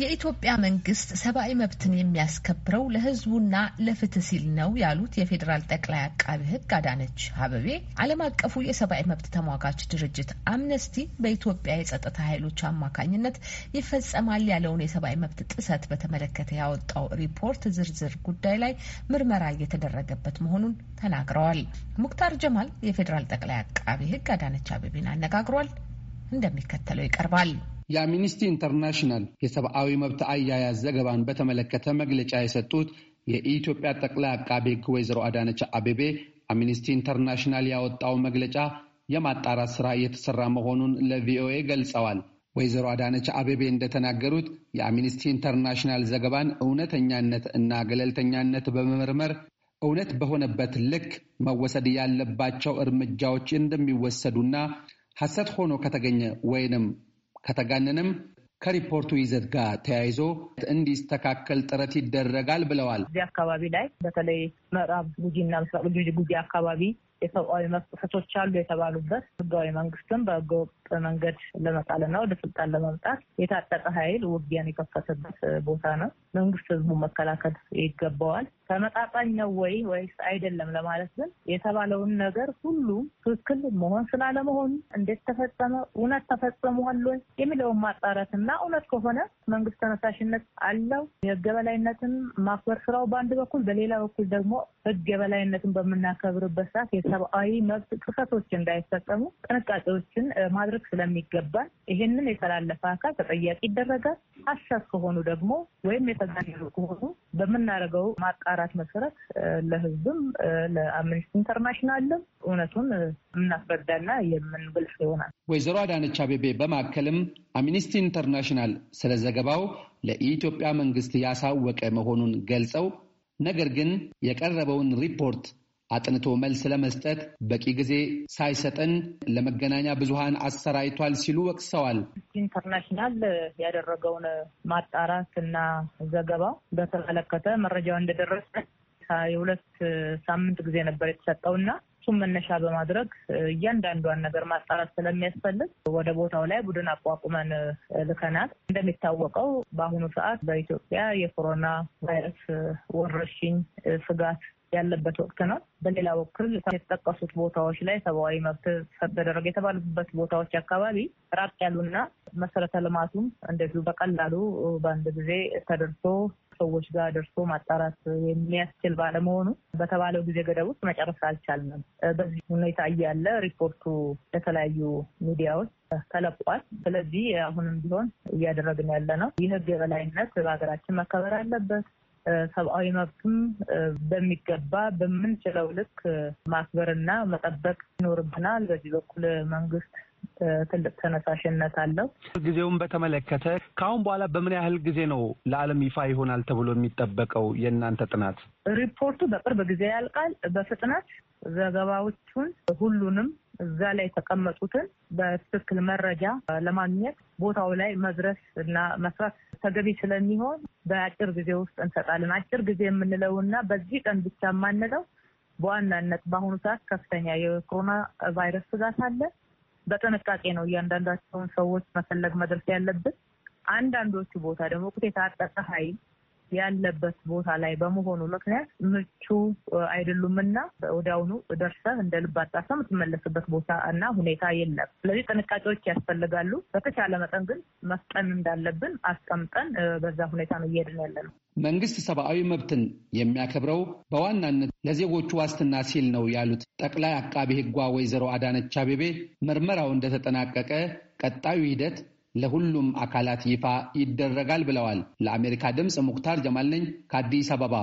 የኢትዮጵያ መንግስት ሰብአዊ መብትን የሚያስከብረው ለህዝቡና ለፍትህ ሲል ነው ያሉት የፌዴራል ጠቅላይ አቃቢ ህግ አዳነች አበቤ ዓለም አቀፉ የሰብአዊ መብት ተሟጋች ድርጅት አምነስቲ በኢትዮጵያ የጸጥታ ኃይሎች አማካኝነት ይፈጸማል ያለውን የሰብአዊ መብት ጥሰት በተመለከተ ያወጣው ሪፖርት ዝርዝር ጉዳይ ላይ ምርመራ እየተደረገበት መሆኑን ተናግረዋል። ሙክታር ጀማል የፌዴራል ጠቅላይ አቃቢ ህግ አዳነች አበቤን አነጋግሯል። እንደሚከተለው ይቀርባል። የአምኒስቲ ኢንተርናሽናል የሰብአዊ መብት አያያዝ ዘገባን በተመለከተ መግለጫ የሰጡት የኢትዮጵያ ጠቅላይ አቃቤ ሕግ ወይዘሮ አዳነች አቤቤ አምኒስቲ ኢንተርናሽናል ያወጣው መግለጫ የማጣራት ስራ እየተሰራ መሆኑን ለቪኦኤ ገልጸዋል። ወይዘሮ አዳነች አቤቤ እንደተናገሩት የአምኒስቲ ኢንተርናሽናል ዘገባን እውነተኛነት እና ገለልተኛነት በመመርመር እውነት በሆነበት ልክ መወሰድ ያለባቸው እርምጃዎች እንደሚወሰዱና ሐሰት ሆኖ ከተገኘ ወይንም ከተጋነነም ከሪፖርቱ ይዘት ጋር ተያይዞ እንዲስተካከል ጥረት ይደረጋል ብለዋል። እዚህ አካባቢ ላይ በተለይ ምዕራብ ጉጂና ምስራቅ ጉጂ ጉጂ አካባቢ የሰብአዊ መብት ጥሰቶች አሉ የተባሉበት ህጋዊ መንግስትም በህገ መንገድ ለመጣልና ወደ ስልጣን ለመምጣት የታጠቀ ኃይል ውጊያን የከፈተበት ቦታ ነው። መንግስት ህዝቡን መከላከል ይገባዋል። ተመጣጣኝ ነው ወይ ወይስ አይደለም ለማለት ግን የተባለውን ነገር ሁሉም ትክክል መሆን ስላለመሆኑ፣ እንዴት ተፈጸመ፣ እውነት ተፈጽሟል ወይ የሚለውን ማጣራት እና እውነት ከሆነ መንግስት ተነሳሽነት አለው። የህግ የበላይነትን ማክበር ስራው በአንድ በኩል፣ በሌላ በኩል ደግሞ ህግ የበላይነትን በምናከብርበት ሰዓት የሰብአዊ መብት ጥሰቶች እንዳይፈጸሙ ጥንቃቄዎችን ማድረግ ስለሚገባል ይህንን የተላለፈ አካል ተጠያቂ ይደረጋል። ሀሰት ከሆኑ ደግሞ ወይም የተጋነኑ ከሆኑ በምናደርገው ማጣራት አራት መሰረት ለህዝብም ለአምነስቲ ኢንተርናሽናልም እውነቱን የምናስረዳና የምንገልጽ ይሆናል። ወይዘሮ አዳነች አቤቤ በማከልም አምነስቲ ኢንተርናሽናል ስለ ዘገባው ለኢትዮጵያ መንግስት ያሳወቀ መሆኑን ገልጸው ነገር ግን የቀረበውን ሪፖርት አጥንቶ መልስ ለመስጠት በቂ ጊዜ ሳይሰጥን ለመገናኛ ብዙሃን አሰራይቷል ሲሉ ወቅሰዋል። ኢንተርናሽናል ያደረገውን ማጣራት እና ዘገባ በተመለከተ መረጃው እንደደረሰ የሁለት ሳምንት ጊዜ ነበር የተሰጠውና እሱም መነሻ በማድረግ እያንዳንዷን ነገር ማጣራት ስለሚያስፈልግ ወደ ቦታው ላይ ቡድን አቋቁመን ልከናል። እንደሚታወቀው በአሁኑ ሰዓት በኢትዮጵያ የኮሮና ቫይረስ ወረርሽኝ ስጋት ያለበት ወቅት ነው። በሌላ በኩል የተጠቀሱት ቦታዎች ላይ ሰብአዊ መብት ተደረገ የተባሉበት ቦታዎች አካባቢ ራቅ ያሉና መሰረተ ልማቱም እንደዚሁ በቀላሉ በአንድ ጊዜ ተደርሶ ሰዎች ጋር ደርሶ ማጣራት የሚያስችል ባለመሆኑ በተባለው ጊዜ ገደብ ውስጥ መጨረስ አልቻልንም። በዚህ ሁኔታ እያለ ሪፖርቱ የተለያዩ ሚዲያዎች ተለቋል። ስለዚህ አሁንም ቢሆን እያደረግን ያለ ነው። የህግ የበላይነት በሀገራችን መከበር አለበት። ሰብአዊ መብትም በሚገባ በምንችለው ልክ ማክበርና መጠበቅ ይኖርብናል። በዚህ በኩል መንግስት ትልቅ ተነሳሽነት አለው። ጊዜውን በተመለከተ ከአሁን በኋላ በምን ያህል ጊዜ ነው ለዓለም ይፋ ይሆናል ተብሎ የሚጠበቀው የእናንተ ጥናት? ሪፖርቱ በቅርብ ጊዜ ያልቃል። በፍጥነት ዘገባዎቹን ሁሉንም እዛ ላይ የተቀመጡትን በትክክል መረጃ ለማግኘት ቦታው ላይ መድረስ እና መስራት ተገቢ ስለሚሆን በአጭር ጊዜ ውስጥ እንሰጣለን። አጭር ጊዜ የምንለው እና በዚህ ቀን ብቻ የማንለው በዋናነት በአሁኑ ሰዓት ከፍተኛ የኮሮና ቫይረስ ስጋት አለ። በጥንቃቄ ነው እያንዳንዳቸውን ሰዎች መፈለግ መድረስ ያለብን። አንዳንዶቹ ቦታ ደግሞ ወቅት የታጠቀ ኃይል ያለበት ቦታ ላይ በመሆኑ ምክንያት ምቹ አይደሉም እና ወዲያውኑ ደርሰህ እንደ ልብ አጣሰህ የምትመለስበት ቦታ እና ሁኔታ የለም። ስለዚህ ጥንቃቄዎች ያስፈልጋሉ። በተቻለ መጠን ግን መፍጠን እንዳለብን አስቀምጠን በዛ ሁኔታ ነው እየሄድን ያለ ነው። መንግስት ሰብአዊ መብትን የሚያከብረው በዋናነት ለዜጎቹ ዋስትና ሲል ነው ያሉት ጠቅላይ አቃቤ ሕጓ ወይዘሮ አዳነች አቤቤ ምርመራው እንደተጠናቀቀ ቀጣዩ ሂደት ለሁሉም አካላት ይፋ ይደረጋል ብለዋል። ለአሜሪካ ድምፅ ሙክታር ጀማል ነኝ ከአዲስ አበባ።